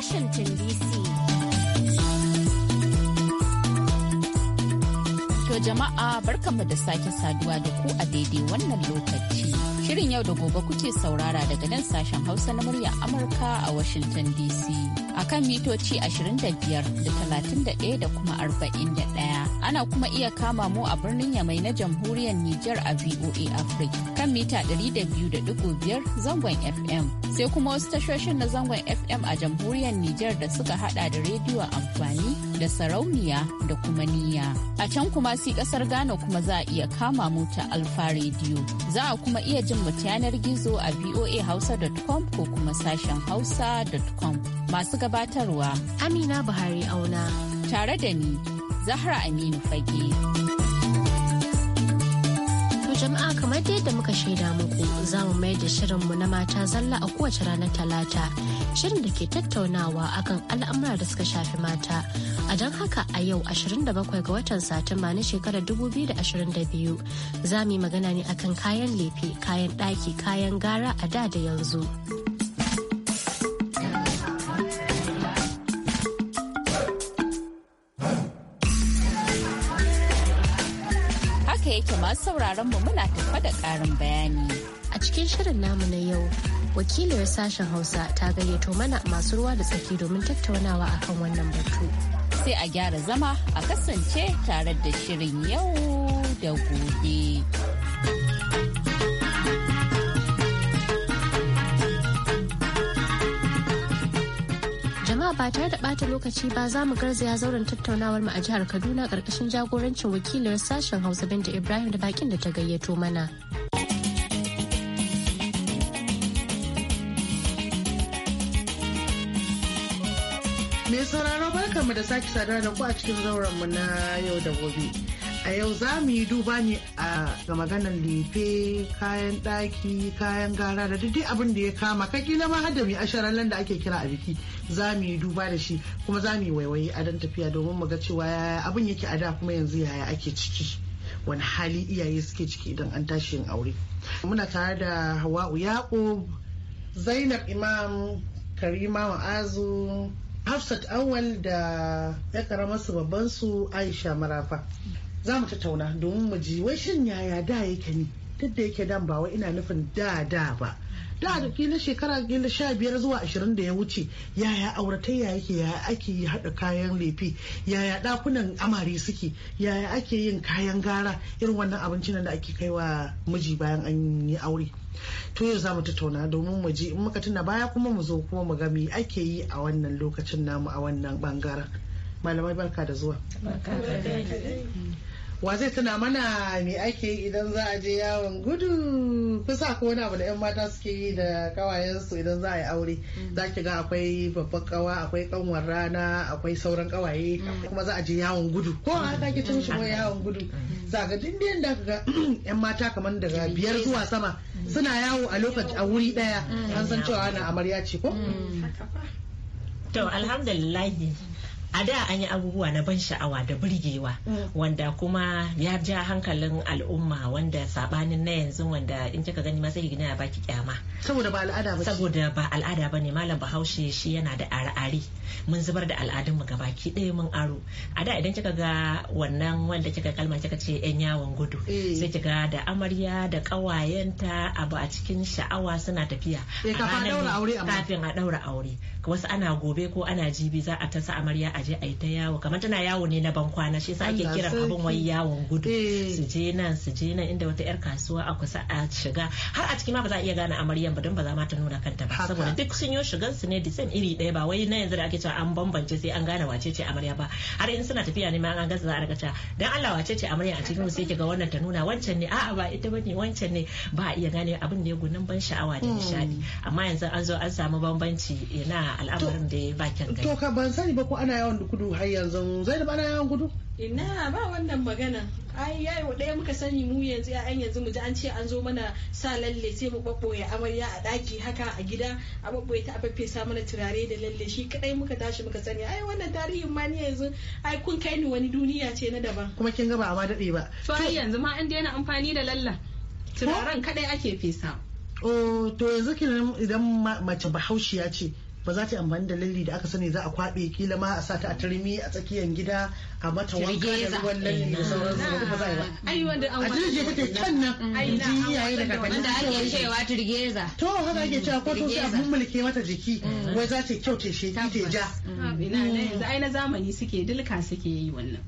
Washington DC. To jama'a barkanmu da sake saduwa da ku a daidai wannan lokaci. Shirin yau da gobe kuke saurara daga nan sashen Hausa na muryar Amurka a Washington DC. Akan mitoci 25 da 31 da kuma 41. Ana kuma iya kama mu a birnin Yamai na jamhuriyar Nijar a VOA Africa kan mita 200.5 zangon FM. Sai kuma wasu tashoshin na zangon FM a jamhuriyar Nijar da suka hada da rediyo amfani da sarauniya da kuma niya. A can kuma si kasar Ghana kuma za a iya kama mu ta Alfa Radio. Za a kuma iya jin mu yanar gizo a voahausa.com ko kuma sashen hausa.com. Masu gabatarwa Amina Buhari auna. Tare da ni Zahra Aminu Fage. jama'a kamar yadda muka shaida muku za mu mai da shirin mu na mata zalla a kowace rana talata shirin da ke tattaunawa akan al'amura da suka shafi mata a don haka a yau 27 ga watan satumba na shekarar 2022 za mu yi magana ne akan kayan lefe kayan ɗaki kayan gara a da da yanzu. masu sauraron mu muna tafa da ƙarin bayani. A cikin shirin namu na yau, wakiliyar sashen Hausa ta gayyato mana masu ruwa da tsaki domin tattaunawa akan wannan batu. Sai a gyara zama a kasance tare da shirin yau da gobe. ba tare da bata lokaci ba za mu garzaya zauren tattaunawar mu a jihar Kaduna ƙarƙashin jagorancin wakilin sashen Hausa Binta Ibrahim da bakin da ta gayyato mana. Mai sauraro barkanmu da sake saduwa da ku a cikin zauren mu na yau da gobe. a yau za mu yi duba ne a ga maganar lefe kayan ɗaki kayan gara da duk abin da ya kama kakila ma har da mai asharallan da ake kira a biki za mu yi duba da shi kuma za mu yi waiwayi a dan tafiya domin mu ga cewa yaya abin yake a da kuma yanzu yaya ake ciki wani hali iyaye suke ciki idan an tashi yin aure muna tare da hawa'u yaqub zainab imam karima ma'azu Hafsat Awal da ya su babban su Aisha Marafa. za mu tattauna domin mu ji wai shin yaya da yake ni duk da yake dan ba wai ina nufin da da ba da da kila shekara kila sha biyar zuwa ashirin da ya wuce yaya auratayya yake yaya ake yi haɗa kayan lefi yaya ɗakunan amare suke yaya ake yin kayan gara irin wannan abincin da ake kai wa miji bayan an yi aure to yau za mu tattauna domin mu ji in muka tuna baya kuma mu zo kuma mu ga me ake yi a wannan lokacin namu a wannan bangaren malamai barka da zuwa wa zai tuna mana me ake yi idan za a je yawon gudu kusa ko wani abu da yan mata suke yi da kawayensu idan za a yi aure mm. za ki ga akwai babban kawa akwai kanwar rana akwai sauran kawaye mm. kuma za a je yawon gudu ko a haka ki tunshi ko yawon gudu mm. za ga duk da ga yan mata kamar daga biyar zuwa sama suna yawo a lokaci a wuri daya an san cewa ana amarya ce ko to alhamdulillah a da an yi abubuwa na ban sha'awa da burgewa mm. wanda kuma ya ja hankalin al'umma wanda sabanin na yanzu wanda in kika gani ma sai gina ya baki kyama saboda ba al'ada ba saboda ba al'ada ba ne malam bahaushe shi yana da ara'ari mun zubar da al'adun mu gabaki ɗaya mun aro a da idan kika ga wannan wanda kika kalma kika ce yan yawon gudu eh. sai kika da amarya da kawayenta abu a cikin sha'awa suna tafiya eh, kafin a ɗaura aure wasu ana gobe ko ana jibi za a tasa amarya a a a yi ta yawo kamar tana yawo ne na bankwana shi yasa ake kiran abin wai yawon gudu eh. su je nan su je nan inda wata yar kasuwa a kusa a shiga har a cikin ma ba za a iya gane amaryan ba don ba za ma ta nuna kanta ba saboda duk sun yo shigan su ne disan iri daya ba wai na yanzu da ake cewa an bambance sai an gane wace ce amarya ba har in suna tafiya ne ma an gaza za a rika cewa dan Allah wace ce amarya a cikin sai kiga wannan ta nuna wancan ne a'a ba ita bane wancan ne ba a iya gane abin da ya gunin ban sha'awa da nishadi hmm. amma yanzu an zo an samu bambanci na al'amarin da ya bakin gani to ka ban sani ba ko ana yawo yawon da kudu har yanzu zai da bana yawon kudu ina ba wannan magana ai yayo ɗaya muka sani mu yanzu ya'yan yanzu mu ji an ce an zo mana sa lalle sai mu babboye amarya a ɗaki haka a gida a babboye ta sa mana turare da lalle shi kaɗai muka tashi muka sani ai wannan tarihin ma ni yanzu ai kun kai ni wani duniya ce na daban kuma kin ga ba ma daɗe ba to ai yanzu ma an daina amfani da lalla turaren kaɗai ake fesa oh to yanzu kiran idan mace bahaushiya ce ba za ta amfani da lalli da aka sani za a kwaɓe kila ma a sata a turmi a tsakiyar gida a mata wanka da ruwan lalli da su ba za a yi ba a jirge ta can nan ji iyaye da kakanni da ake cewa turgeza to haka ake cewa ko to sai a mulke mata jiki mm. wai za ta kyau ta sheki ta ja mm. ina ne yanzu ai na zamani suke dilka suke yi wannan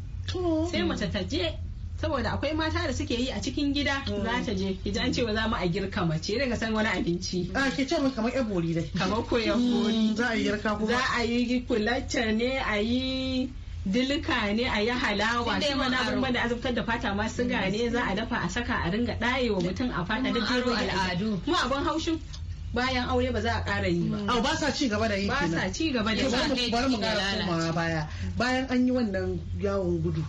sai mace ta je saboda akwai mata da suke yi a cikin gida mm. za ta je ki an cewa za mu a girka mace daga san wani abinci a ah, ke ce mun kamar yan bori dai kamar ko yan mm, za a yi girka kuma za a yi kulaccar ne a yi dilika ne a yi halawa shi wani abubuwan da azabtar da fata ma siga ne mm. za a dafa a saka a ringa ɗayewa mutum a fata duk al'adu mu abun haushin bayan aure ba za a ƙara yi ba. Au ba sa ci gaba da yi kenan. Ba sa ci gaba da yi. Bari mu ƙara komawa baya. Bayan an yi wannan yawon gudu.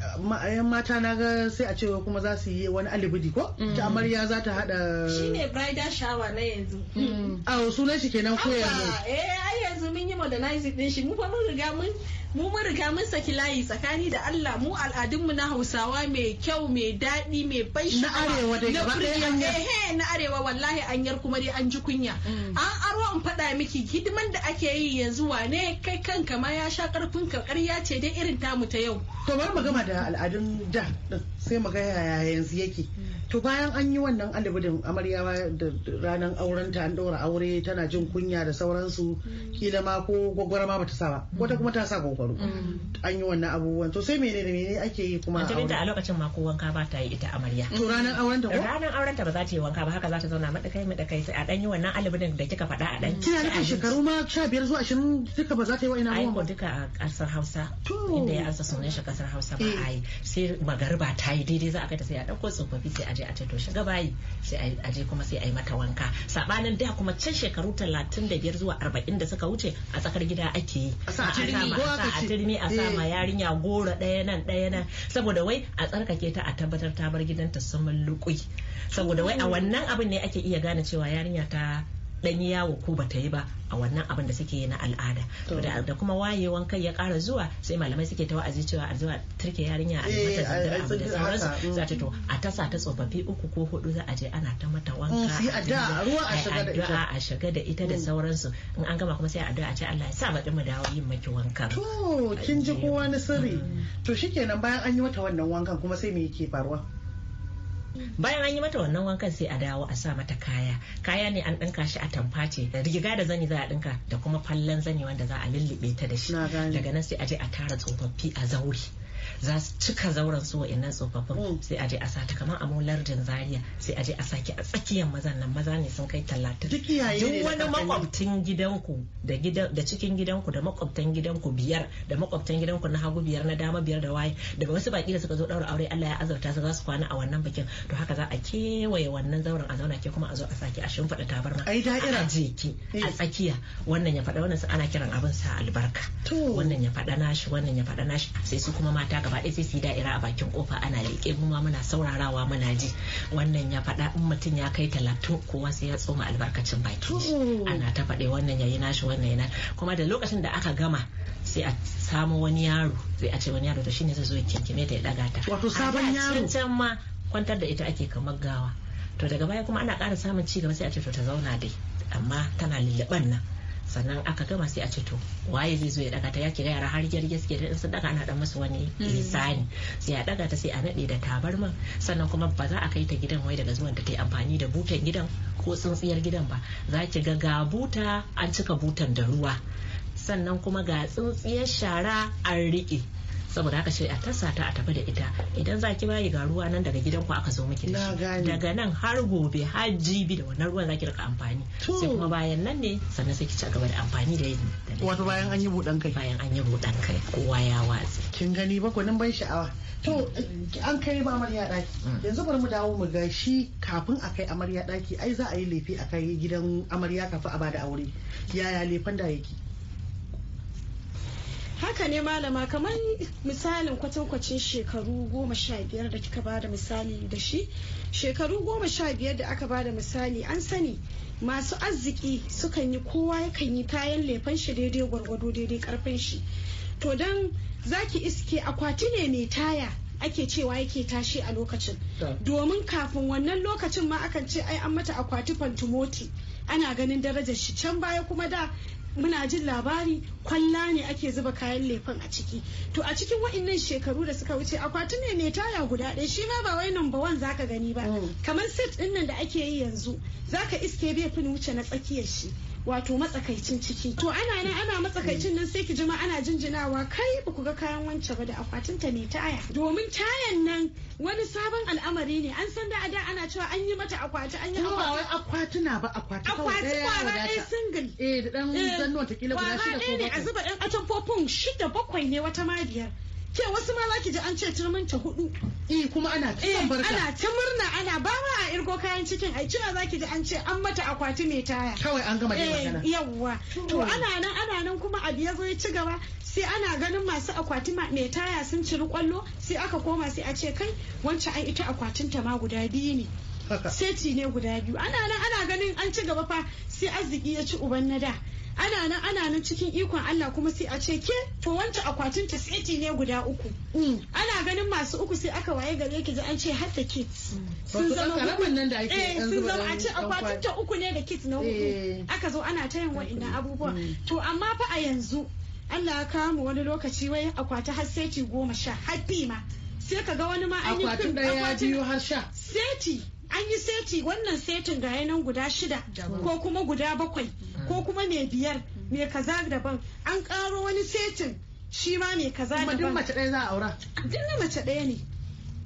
yan mata na ga sai a cewa kuma za su yi wani alibidi ko mm. ta amarya za ta hada shine bridal shower na yanzu mm. a sunan shi kenan ko yanzu eh ai yanzu mun yi modernizing din shi mu fa mun riga mun mu mun riga mun saki layi tsakani da Allah mu al'adun mu na Hausawa mai kyau mai daɗi mai ban na arewa da gaba ɗaya eh, eh, na arewa wallahi anyar kuma dai an ji kunya mm. an aro an fada miki hidiman da ake yi yanzu wane kai kanka ma ya sha karfin ka ƙarya ce dai irin tamu ta yau to bari mu gama da al'adun da sai mu ga yaya yanzu yake to bayan an yi wannan alibidin amaryawa da ranar auren ta an daura aure tana jin kunya da sauransu mm. kila ma ko gwagwara ma bata sa ba mm. wata kuma ta sa gwagwaro mm. an yi wannan abubuwan to sai menene da menene ake yi kuma a lokacin ma ko wanka ba ta yi ita amarya to ranar auren ta ko ranar auren ta ba za ta yi wanka ba haka za ta zauna madakai madakai sai a dan yi wannan alibidin da kika faɗa a dan kina nufin shekaru ma 15 zuwa 20 duka ba za ta yi wa'ina abubuwan ba duka a ƙasar Hausa inda ya ansa sunan shi kasar Hausa ba eh. ai sai magarba ta yi daidai za a kai ta sai a dauko tsofaffi sai a je a ce to shiga bayi sai a je kuma sai a yi mata wanka sabanin da kuma can shekaru 35 zuwa 40 da suka wuce a tsakar gida ake yi a turmi a sama eh. yarinya goro ɗaya nan ɗaya nan saboda wai a tsarkake ta a tabbatar ta bar gidanta sun lukui saboda wai a hmm. wannan abin ne ake iya gane cewa yarinya ta ɗanyi yawo ko bata yi ba a wannan abin da suke yi na al'ada da kuma wayewan kai ya ƙara zuwa sai malamai suke ta wa'azi cewa a zuwa turke yarinya a mata eh, abu da sauransu za ta to a tasa ta tsofaffi uku ko hudu za a je ana ta mata wanka mm, a addu'a shiga da ita da mm. sauransu in an gama kuma sai addu'a a ce Allah ya sa baɗi mu dawo yin maki wanka to kin ji kowa na sirri mm. to shikenan bayan an yi mata wannan wankan kuma sai me yake faruwa bayan an yi mata wannan wankan sai a dawo a sa mata kaya kaya ne an ɗinka shi a tamfa ce riga da zani za a ɗinka da kuma fallan zani wanda za a lullube ta da shi daga nan sai a je a tara tsofaffi a zaure za su cika zauren su nan tsofaffin mm. sai a je a sata kamar a lardin zaria sai a je a saki a tsakiyar mazan nan maza ne sun kai talatin duk wani makwabtan gidanku da cikin gidanku da makwabtan gidanku biyar da makwabtan gidanku na hagu biyar na dama biyar da waye da wasu baki da suka zo daura aure Allah ya azurta su za su kwana a wannan bikin to haka za a kewaye wannan zauren a zauna ke kuma a zo a saki a shimfiɗa tabarma ai da'ira jiki a eh. tsakiya wannan ya faɗa wannan ana kiran abin sa albarka wannan ya faɗa nashi wannan ya faɗa nashi sai su kuma mata mata gaba ɗaya sai su yi da'ira a bakin kofa ana leƙe mu ma muna saurarawa muna ji wannan ya faɗa in mutum ya kai talatin kowa sai ya tsoma albarkacin baki ana ta faɗe wannan yayi nashi wannan yana kuma da lokacin da aka gama sai a samu wani yaro sai a ce wani yaro to shine zai zo ya kinkime ta ya daga ta wato sabon yaro can ma kwantar da ita ake kamar gawa to daga baya kuma ana ƙara samun ci gaba sai a ce to ta zauna dai amma tana lulluɓan nan sannan aka gama sai a ce to waye zai zo ya daga ta ya kira yara har gyar suke da in sun daga ana dan wani hmm. lisani sai a daga ta sai a nade da tabarma sannan kuma ba za a kai ta gidan wai daga zuwan ta yi amfani da butan gidan ko tsintsiyar gidan ba za ki ga ga buta an cika butan da ruwa sannan kuma ga tsintsiyar shara an riƙe saboda haka sai a tasa ta a tafi da ita idan za ki bayi ga ruwa nan daga gidan ku aka zo miki da shi daga nan har gobe har jibi da wannan ruwan za ki rika amfani sai kuma bayan nan ne sannan sai ki ci gaba da amfani da yin wato bayan an yi budan kai bayan an yi budan kai kowa ya watsi kin gani ba nan ban sha'awa to an kai ba amarya daki mm. yanzu bari mu dawo mu ga shi kafin a kai amarya daki ai za a yi lefe a kai gidan amarya kafin a bada aure yaya lefen da yake haka ne malama kamar misalin kwatankwacin shekaru goma sha biyar da kika bada misali da shi shekaru goma sha biyar da aka bada misali an sani masu arziki sukan yi kowa yakan yi kayan lefan shi daidai gwargwado daidai karfin shi to don zaki iske akwati ne mai taya ake cewa yake tashi a lokacin domin kafin wannan lokacin ma akan ce ai an mata akwati fantumoti ana ganin darajar shi can baya kuma da muna jin labari kwalla ne ake zuba kayan lefen a ciki to a cikin wa'annan shekaru da suka wuce akwati ne mai taya guda ɗaya shi ma ba wai number one zaka gani ba mm. kamar set ɗin nan da ake yi yanzu zaka iske bai fin wuce na tsakiyar shi wato matsakaicin ciki to ana nan ana matsakaicin nan sai ki jima ana jinjinawa kai ba ku ga kayan wance ba da akwatin ta mai taya domin tayan nan wani sabon al'amari ne an san da a da ana cewa an yi mata akwati an yi akwati akwatuna ba akwati kawai akwati kwara ɗaya single eh da dan eh, zanno ta kila guda shida ko bakwai a zuba dan atamfofin shida bakwai ne wata ma biyar ke wasu ma zaki ji an ce turminta hudu eh kuma ana ta eh, barka ana ta murna ana ba ma a irgo kayan cikin ai kina zaki ji an ce an mata akwati mai taya kawai an gama da eh, magana yawwa to hmm. ana nan ana nan kuma abu yazo ya ci gaba sai ana ganin masu akwati mai taya sun ciri kwallo sai aka koma sai a ce kai wancan an ita akwatin ta ma guda biyu ne seti ne guda biyu ana nan ana ganin an ci gaba fa sai arziki ya ci uban na da ana nan ana nan cikin ikon Allah kuma sai a ce ke to wancan akwatin ta seti ne guda uku mm. ana ganin masu uku sai aka waye gare ki ji an ce har ta kids mm. sun zama hukun nan da ake eh, sun zama a ce akwatin ta uku ne da kit na hudu eh. aka zo ana ta yin wa'annan mm. abubuwa to amma fa a yanzu Allah ya kawo mu wani lokaci wai akwata har seti goma sha har ma sai ka ga wani ma an yi akwatin ya biyu har sha seti an yi seti wannan setin ga yanan guda shida ko kuma guda bakwai mm. ko kuma mai biyar mai kaza daban an karo wani setin shi ma mai kaza daban kuma duk mace ɗaya za a aura duk na mace ɗaya ne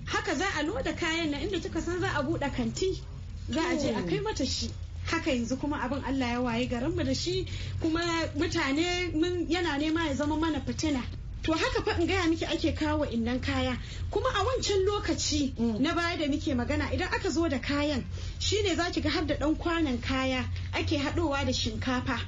haka za a loda kayan na inda kika san za a buɗe kanti za a je a kai oh. mata shi haka yanzu kuma abin Allah ya waye garinmu da shi kuma mutane yana nema ya zama mana fitina to haka fa in gaya miki ake kawo innan kaya kuma a wancan lokaci mm. na baya da muke magana idan aka zo da kayan shine zaki ga har da dan kwanan kaya ake haɗowa da shinkafa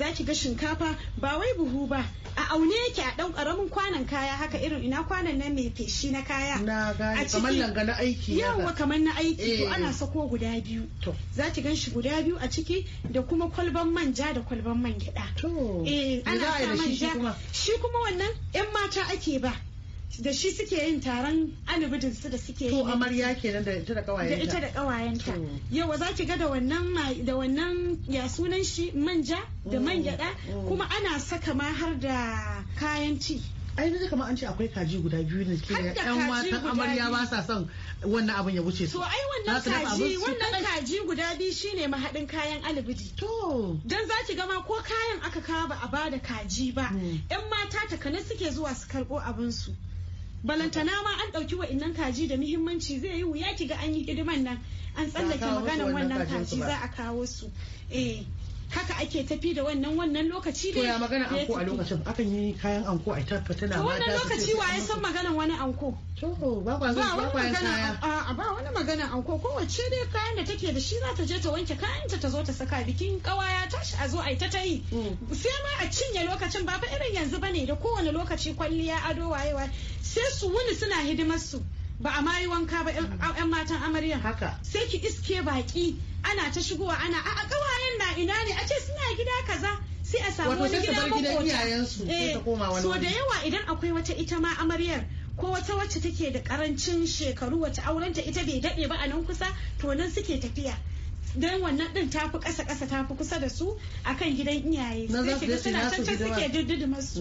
za ki ga shinkafa ba wai buhu ba a aune yake a ɗan ƙaramin kwanan kaya haka irin ina kwanan nan mai feshi na kaya a kamar langa na aiki yawa kamar na aiki to eh. ana sako guda biyu za ki gan shi guda biyu a ciki da kuma kwalban manja da kwalban man gyaɗa eh ana sa manja shi kuma wannan yan mata ake ba da shi suke yin taron anubidin su da suke yi. To amarya kenan da ita da kawayenta. Da ita da kawayenta. Yawa za ki ga da wannan da wannan ya sunan shi manja da man mm, gyada mm. kuma ana saka ma har da kayan ci. ai na kamar an ce akwai kaji guda biyu ne ke yan wasan amarya ba sa son wannan abin ya wuce su to ai wannan kaji wannan kaji guda biyu shine mahadin kayan alibidi to dan za ki gama ko kayan aka kawo ba a bada kaji ba yan mm. mata takane suke zuwa su karbo abin su balantana ma an ɗauki wa'innan kaji da muhimmanci zai yi wuya ki ga an yi hidiman nan an tsallake maganan wannan kaji za a kawo su eh haka ake tafi da wannan wannan lokaci ne. To ya magana anko a lokacin akan yi kayan anko a tafi tana mata. wannan lokaci wa ya san maganan wani anko. To ba kwa zuwa ba kwa kaya. A ba wani maganan anko kowace dai kayan da take da shi za ta je ta wanke kayanta ta zo ta saka bikin kawa ya tashi a zo a yi ta ta yi. Mm. Sai ma a cinye lokacin ba fa irin yanzu bane da kowane lokaci kwalliya ado wayewa sai su wuni suna hidimar su. ba a mayi wanka ba yan mm. matan amarya haka sai ki iske baki ana ta shigowa ana a kawayen na ina ne a ce suna gida kaza sai a samu wani gida makota eh, so da yawa idan akwai wata ita ma amaryar ko wata wacce take da karancin shekaru wacce aurenta ita bai daɗe ba a nan kusa to nan suke tafiya dan wannan din tafi kasa kasa tafi kusa da su akan gidan iyaye sai ki suna can can suke diddidi masu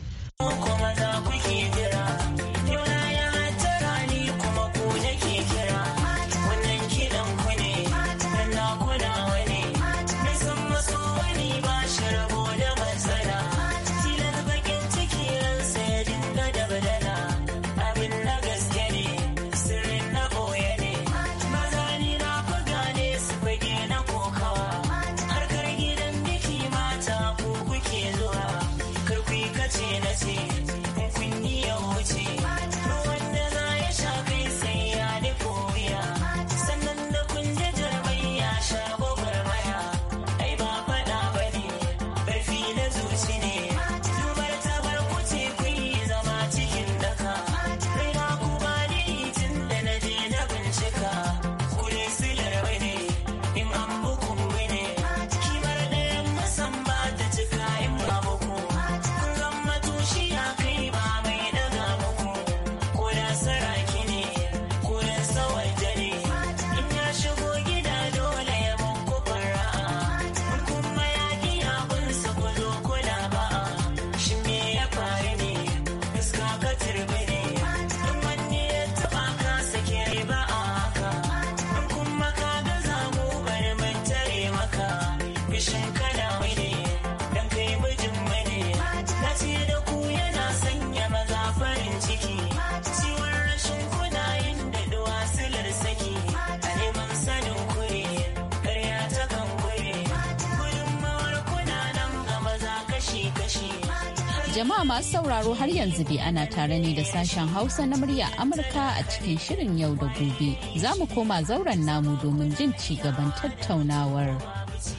Jama'a masu sauraro har yanzu dai ana tare ne da sashen Hausa na murya Amurka a cikin shirin yau da gobe. Za mu koma zauren namu domin jin ci gaban tattaunawar.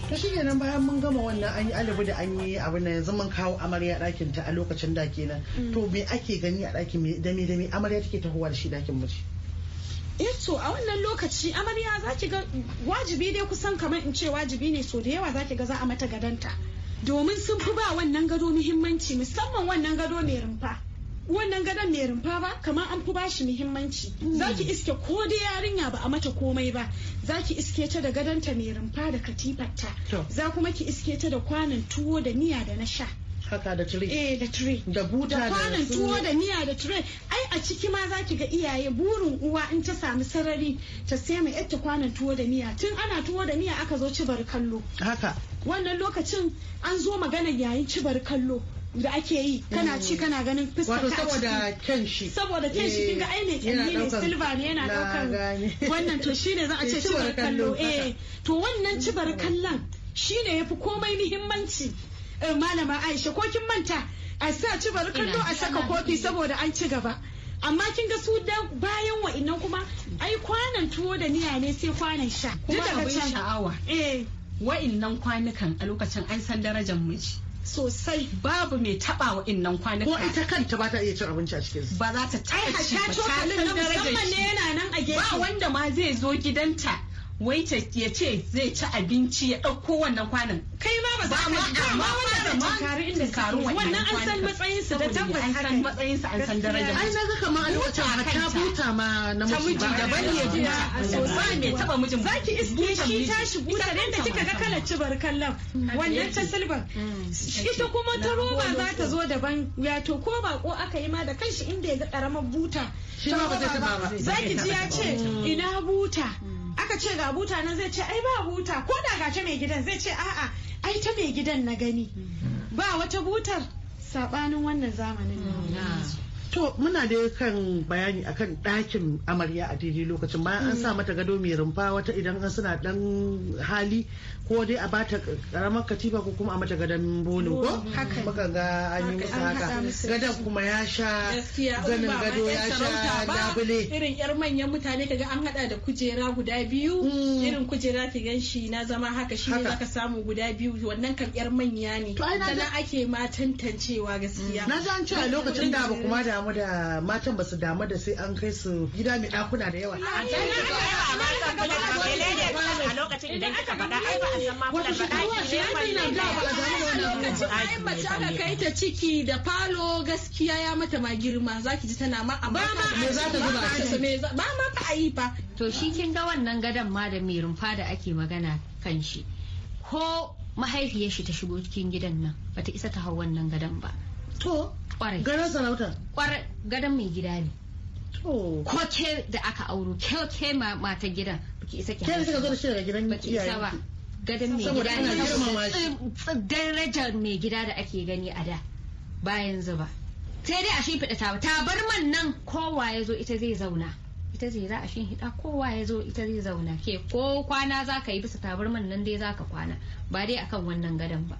ta shirya nan bayan mun gama wannan an yi alibu da an yi abin da yanzu mun kawo amarya ɗakin ta a lokacin da kenan mm. to me ake gani a ɗakin dame dame amarya take tahowa da shi ɗakin mu eh to a wannan lokaci amarya za ki ga wajibi dai kusan kamar in ce wajibi ne so da yawa za ki ga za a mata gadanta domin sun fi ba wannan gado muhimmanci musamman wannan gado mai rumfa wannan gadon mai rumfa ba kamar an fi bashi muhimmanci hmm. za ki iske ko da yarinya ba a mata komai ba za ki iske ta da gadonta mai rumfa da katifarta za kuma ki iske ta da kwanan tuwo da miya da na sha haka da tire eh da tire da buta da kwanan tuwo da miya da tire ai a ciki ma zaki ga iyaye burin uwa in ta samu sarari ta sai mai ita kwanan tuwo da miya tun ana tuwo da miya aka zo cibar kallo haka wannan lokacin an zo magana yayin cibar kallo da ake yi kana ci kana ganin fuska ta saboda ken shi saboda ken shi kinga ai mai kyanni eh, ne silva ne yana daukan wannan to shine za a eh, ce cibar kallo eh to wannan cibar kallon shine yafi komai muhimmanci Eh, malama aisha ko kin manta a sa ci bari kallo a saka kofi saboda an ci gaba amma kin ga su da bayan wa'innan kuma ai kwanan tuwo da niya ne sai kwanan sha kuma abin sha'awa eh wa'innan kwanukan a lokacin an san darajar miji sosai babu mai taba wa innan kwanuka ko ita kanta ba ta iya cin abinci a cikin ba za ta taɓa ci ba ta san darajar shi ba wanda ma zai zo gidanta wai ya ce zai ci abinci ya ɗauko wannan kwanan kai ma ba za ka ji da ma tunkari inda karu wannan an san matsayin su da tabbas an san matsayin su an san daraja Ai na ga kamar a lokacin har ta buta ma na miji da bani ya ji ba me taba mijin zaki iske shi ta shigo ta da kika ga kalar cibar kallon wannan ta silba mm. ita kuma ta roba za ta zo daban ya to ko bako aka yi ma da kanshi inda ya ga karamar buta shi ma ba zai ba zaki ji ya ce ina buta mm. aka ce ga buta nan zai ce ai ba buta ko da gace mai gidan zai ce a'a ai ta mai gidan na gani ba wata butar sabanin wannan zamanin mm, nan To muna dai kan bayani akan ɗakin amarya a daidai lokacin bayan an sa mm. mata gado mai rumfa wata idan an suna dan hali ko dai a bata karamar katifa ko kuma a mata gadon bono ko mm, muka ga an yi musu haka gadon kuma ya sha ganin gado ya sha labule irin yar manyan mutane kaga an hada da kujera guda biyu mm. irin kujera ki gan shi na zama haka shi ne zaka samu guda biyu wannan kan yar manya ne sannan ake ma tantancewa gaskiya na ji an ce a lokacin da ba kuma da damu da matan ba su damu da sai an kai su gida mai dakuna da yawa. A ne a lokacin idan kika faɗa ai ba a san ma kuna faɗa ki ne mace aka kai ta ciki da falo gaskiya ya mata ma girma za ki ji tana ma amma me za ta zuba ba ma fa yi fa to shi kin ga wannan gadon ma da mai rumfa da ake magana kan shi ko mahaifiyar shi ta shigo cikin gidan nan bata isa ta hau wannan gadon ba to kwarai gadon sarauta kwarai gadon mai gida ne ko ke da aka auro ke ke mata gidan baki isa ki ke suka zo da shi daga gidan baki isa ba gadon mai gida ne saboda darajar mai gida da ake gani a da bayan zuba sai dai a shi shimfiɗa ta man nan kowa ya zo ita zai zauna ita zai za a hida kowa ya zo ita zai zauna ke ko kwana za ka yi bisa tabar man nan dai za ka kwana ba dai akan wannan gadon ba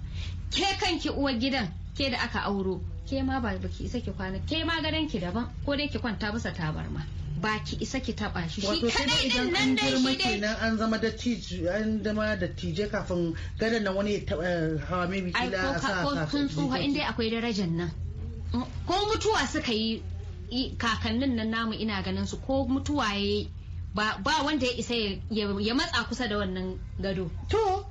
ke kanki uwar gidan ke da aka auro ke ma ba ki isa ki kwana ke ma gadon ki daban ko dai ki kwanta bisa tabarma ba ki isa ki taba shi shi kadai din an girma shi kenan an zama da an zama da tije kafin gadon nan wani ya taba eh, hawa mai biki da sa ko kun in dai akwai darajar nan ko mutuwa suka yi kakannin nan namu ina ganin su ko mutuwa yayi ba wanda ya isa ya matsa kusa da wannan gado to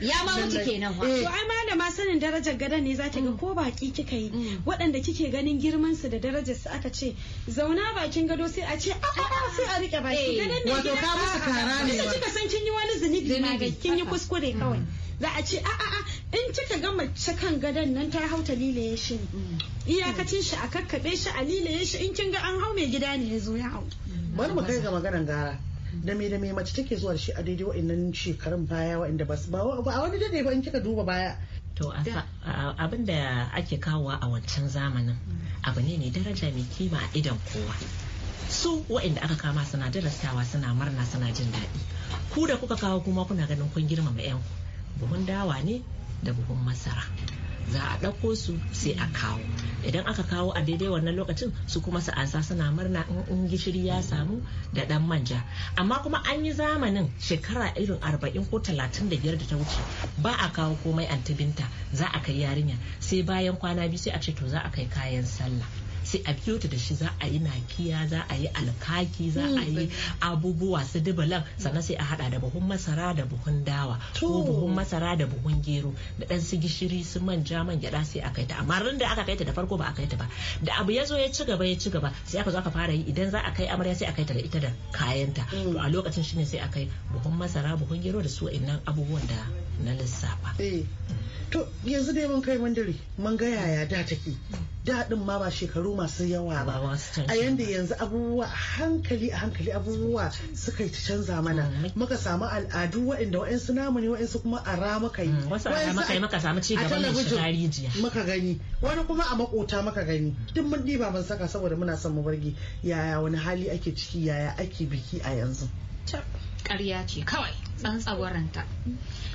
ya ma wuce kenan wa eh. to ai ma da ma sanin darajar gadon ne za ga mm. ko baki kika yi mm. waɗanda kike ganin girman su da darajar su aka ce zauna bakin gado sai a ce a a sai a rike baki eh. gadon ne wato ka musu kara ne kika san kin yi wani zunubi ma kin yi kuskure mm. kawai za a ce a a a in kika ga mace kan gadon nan ta hau ta lilaye shi ne mm. iyakacin shi a kakkaɓe shi a lilaye shi in kin ga an hau mai gida ne ya zo ya hau mm. bari mu kai ga maganan gara da me da me mace take zuwa da shi a daidai wa'annan shekarun baya wa'anda ba a wani dade ba in kika duba baya to abin da ake kawowa a wancan zamanin mm. abu ne mai daraja mai kima a idan kowa su wa'anda aka kama suna darasawa suna murna suna jin daɗi ku da kuka kawo kuma kuna ganin kun girmama 'yan buhun dawa ne da buhun masara za a ɗauko su sai a kawo idan aka kawo a daidai wannan lokacin su kuma su ansa suna murna in gishiri ya samu da ɗan manja amma kuma an yi zamanin shekara irin arba'in ko talatin da biyar da ta wuce ba a kawo komai antibinta za a kai yarinya sai bayan kwana biyu sai a ce to za a kai kayan sallah sai a fito da shi za a yi nakiya za a yi alkaki za a yi mm. abubuwa su dubalan sannan sai a hada da buhun masara da buhun dawa ko buhun masara da buhun gero da dan su gishiri su manja man gyada sai a kai ta amma ran da aka kai ta da farko ba a kai ta ba da abu ya zo ya ci gaba ya ci gaba sai aka zo aka fara yi idan za a kai amarya sai a kai ta da ita da kayanta mm. to a lokacin shine sai a kai buhun masara buhun gero da su wa'annan abubuwan da na lissafa eh. to yanzu dai mun kai mun mun ga yaya da take mm. da ma ba shekaru masu yawa ba a yanda yanzu abubuwa a hankali a hankali abubuwa suka canza mana mm, muka samu al'adu waɗanda waɗansu namu ne waɗansu kuma a ra yi mm, wasu muka samu ci gaban da shiga rijiya muka gani wani kuma a makota muka gani duk mun ɗiba mun saka saboda muna son mu barge yaya wani hali ake ciki yaya ake biki a yanzu ƙarya ce kawai tsawaranta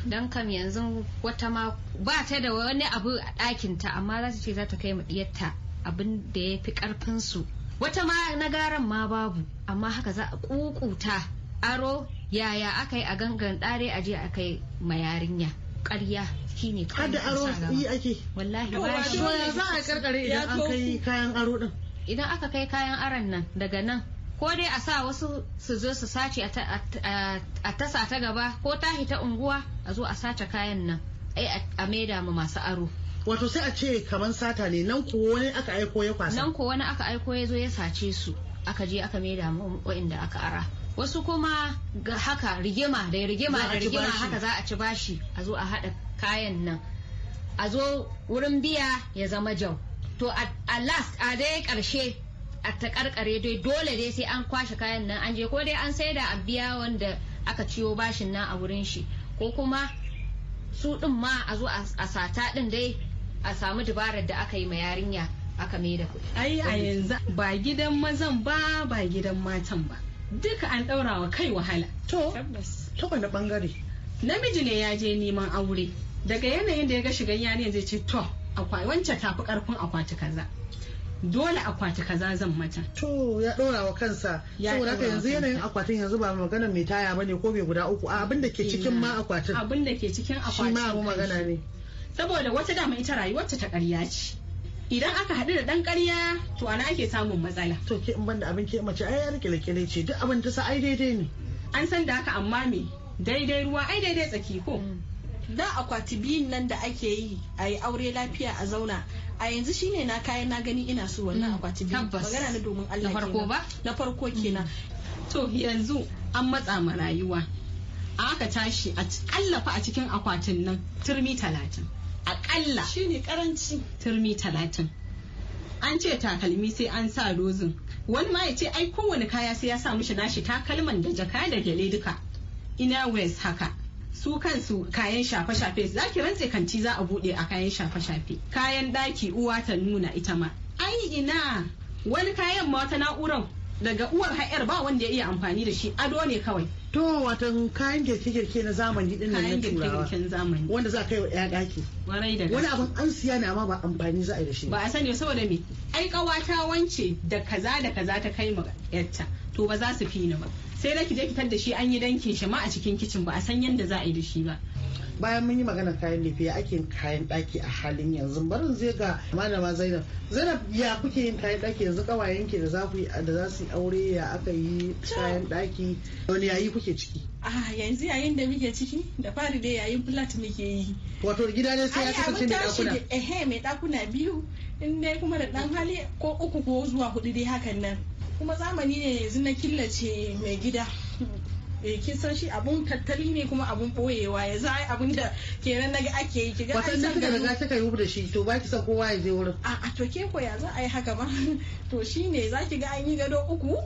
don kam yanzu wata ma ba ta da wani abu a ɗakinta amma za ta ce za ta kai mu ɗiyarta abin da ya fi karfinsu wata ma na garan ma babu amma haka za a kukuta aro yaya aka yi a gangan dare a je a kai ma yarinya ƙarya shine kawai da aro yi ake wallahi ba shi ne za a karkare idan an kai kayan aro din idan aka kai kayan aron nan daga nan ko dai a sa wasu su zo su sace a tasa ta gaba ko ta hita unguwa a zo a sace kayan nan ai a maida ma masu aro wato sai a ce kaman sata ne nan ko wani aka aiko ya kwasa nan ko wani aka aiko ya zo ya sace su aka je aka maida mu waɗanda aka ara wasu kuma ga haka rigima da rigima da rigima haka za a ci bashi a zo a haɗa kayan nan a zo wurin biya ya zama jau to a last a dai ƙarshe a ta karkare dai dole dai sai an kwashe kayan nan an je ko dai an saida a biya wanda aka ciwo bashin nan a wurin shi ko kuma su ɗin ma a zo a sata ɗin dai a samu dabarar da aka yi ma yarinya aka mai da kuɗi. ai a yanzu ba gidan mazan ba ba gidan matan ba duka an ɗaura wa kai wahala to ta wani bangare namiji ne ya je neman aure daga yanayin da ya ga shigan yanayin zai ce to wancan tafi karfin akwati kaza dole akwati kaza zan mata. To ya ɗora wa kansa. Saboda haka yanzu yanayin akwatin yanzu ba magana mai taya bane ko mai guda uku a abin da ke cikin ma akwatin. Abin da ke cikin akwatin. Shi ma abu magana ne. saboda wata dama ita rayuwarta ta ƙarya ce idan aka haɗu da ɗan ƙarya to ana ake samun matsala to ke in banda abin ke mace ai yar lekele ce duk abin ta sa ai daidai ne an san da haka amma me daidai ruwa ai daidai tsaki ko mm. da akwati biyun nan da ake yi a yi aure lafiya a zauna a yanzu shine na kayan na gani ina so wannan mm. akwati biyun. magana na domin Allah na farko ba na farko kenan mm. to yanzu an matsa ma rayuwa aka tashi a allafa a cikin akwatin nan turmi talatin akalla shine karanci turmi talatin an ce takalmi sai an sa dozin wani ma ya ce ai kowane kaya sai ya sa mishi nashi takalman da jaka da gyale duka ina wes haka su kansu kayan shafe-shafe za ki rantse kanti za a bude a kayan shafe-shafe kayan daki uwa ta nuna ita ma ai ina wani kayan ma wata na'urar daga uwar ha'yar ba wanda ya iya amfani da shi ado ne kawai to watan kayan girke-girke na zamani din nan na zamani wanda za a kai wa ɗaya ɗaki wani abin an siya ne amma ba amfani za a yi da shi ba a sani saboda me ai kawata wance da kaza da kaza ta kai ma yarta to ba za su fi ni ba sai da ki je ki da shi an yi dankin shi ma a cikin kicin ba a san yadda za a yi da shi ba bayan mun yi magana kayan lefe ya ake kayan daki a halin yanzu barin zai ga malama zainab zainab ya kuke yin kayan daki yanzu kawayen ke da za da za su yi aure ya aka yi kayan daki wani yayi kuke ciki a ah, yanzu yayin da muke ciki da fari dai yayin flat muke yi wato gida ne sai ya kasance mai dakuna ehe mai dakuna biyu in dai kuma da dan hali ko uku ko zuwa hudu dai hakan nan kuma zamani ne yanzu na killace mai gida kisan eh, kin san shi abun tattali ne kuma abun boyewa ya za abun da kenan naga ake yi kiga ai san da riga yi da shi to ba ki san kowa ya je wurin a a to ke ko ya za a yi haka ba to shine zaki ga an yi gado uku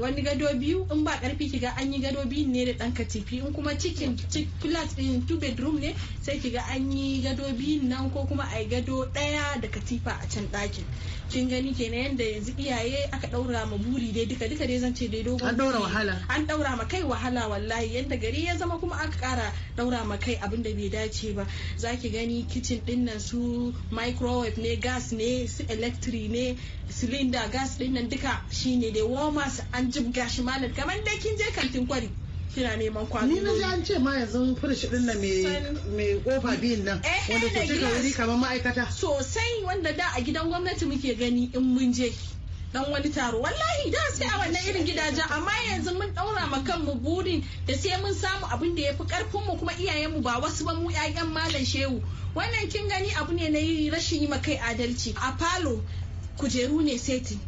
wani gado biyu in ba karfi kiga an yi gado biyu ne da dan katifi in kuma cikin plus din two bedroom ne sai kiga an yi gado biyu nan ko kuma a gado daya da katifa a can dakin kin gani kenan yanda yanzu iyaye aka daura ma buri dai duka duka dai zan dai dogon an daura wahala an daura ma kai wahala wallahi yanda gari ya zama kuma aka kara daura ma kai abin da bai dace ba zaki gani kitchen din nan su microwave ne gas ne su electric ne silinda gas din nan duka shine dai warmers an an gashi malar kamar dai kin je kantin kwari kina neman kwano ni na ji an ce ma yanzu firish din na mai kofa biyun nan eh, eh, wanda ke cika wuri kamar ma'aikata sosai wanda da a gidan gwamnati muke gani in mun je dan wani taro wallahi da sai a wannan irin gidajen amma yanzu mun daura ma kanmu burin da sai mun samu abin da yafi karfin mu kuma iyayen mu ba wasu ba mu ƴaƴan malam shehu wannan kin gani abu ne na rashin yi ma kai adalci a falo kujeru ne setting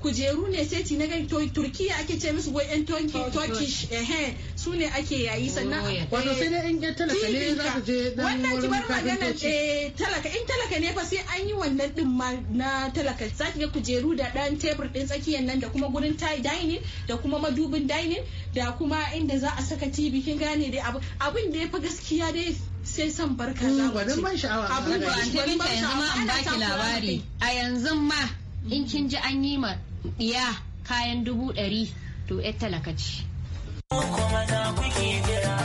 kujeru ne ci na gani turkiya ake ce musu wai yan turkish eh su ne ake yayi sannan oh, wato sai dai in yan talaka ne za su je wannan ki bar magana ce. Eh, talaka in talaka ne fa sai an yi wannan din ma na talaka za ki ga kujeru da dan tebur din tsakiyar nan da kuma gurin dining da kuma madubin dining da kuma inda za a saka tv kin gane dai abin da ya gaskiya dai sai son barka za ku mm, ci. ban sha'awa. Abin ban sha'awa. Yanzu ma an baki labari. A yanzu ma in kin ji an yi ma ɗiya kayan dubu ɗari to 'yar talaka ce. Kuma na kuke jira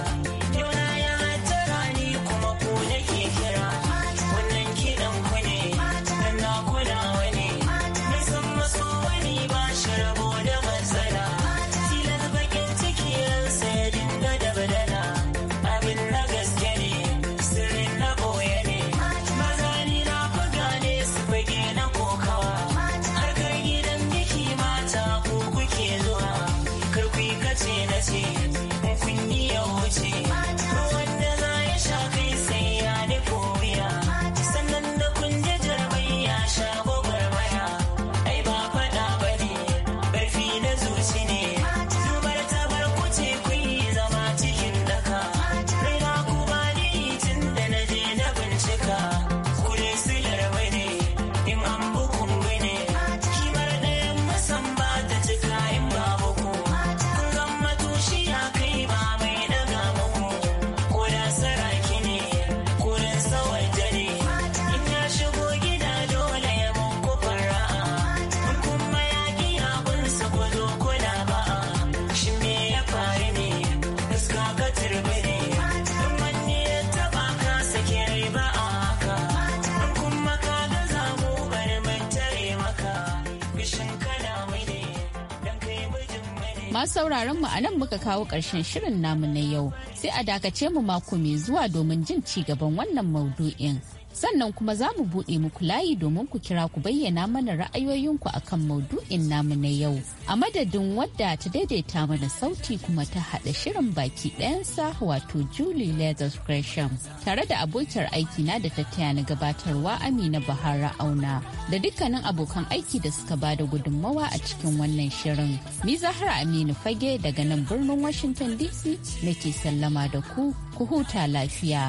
a sauraron mu a nan muka kawo ƙarshen shirin namu na yau sai a dakace mu mako mai zuwa domin jin ci gaban wannan maudu'in. sannan kuma za mu buɗe muku layi domin ku kira ku bayyana mana ra'ayoyinku a kan maudu'in namu na yau a madadin wadda ta daidaita mana sauti kuma ta haɗa shirin baki ɗayansa wato julie leathers gresham tare da abokiyar aiki na da ta taya na gabatarwa amina bahara auna da dukkanin abokan aiki da suka ba da gudunmawa a cikin wannan shirin ni zahra aminu fage daga nan birnin washington dc nake sallama da ku ku huta lafiya.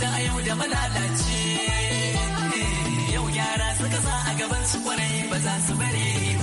masu a yau da malalaci eh, yau gyara suka sa a gaban su kwarai ba za su bari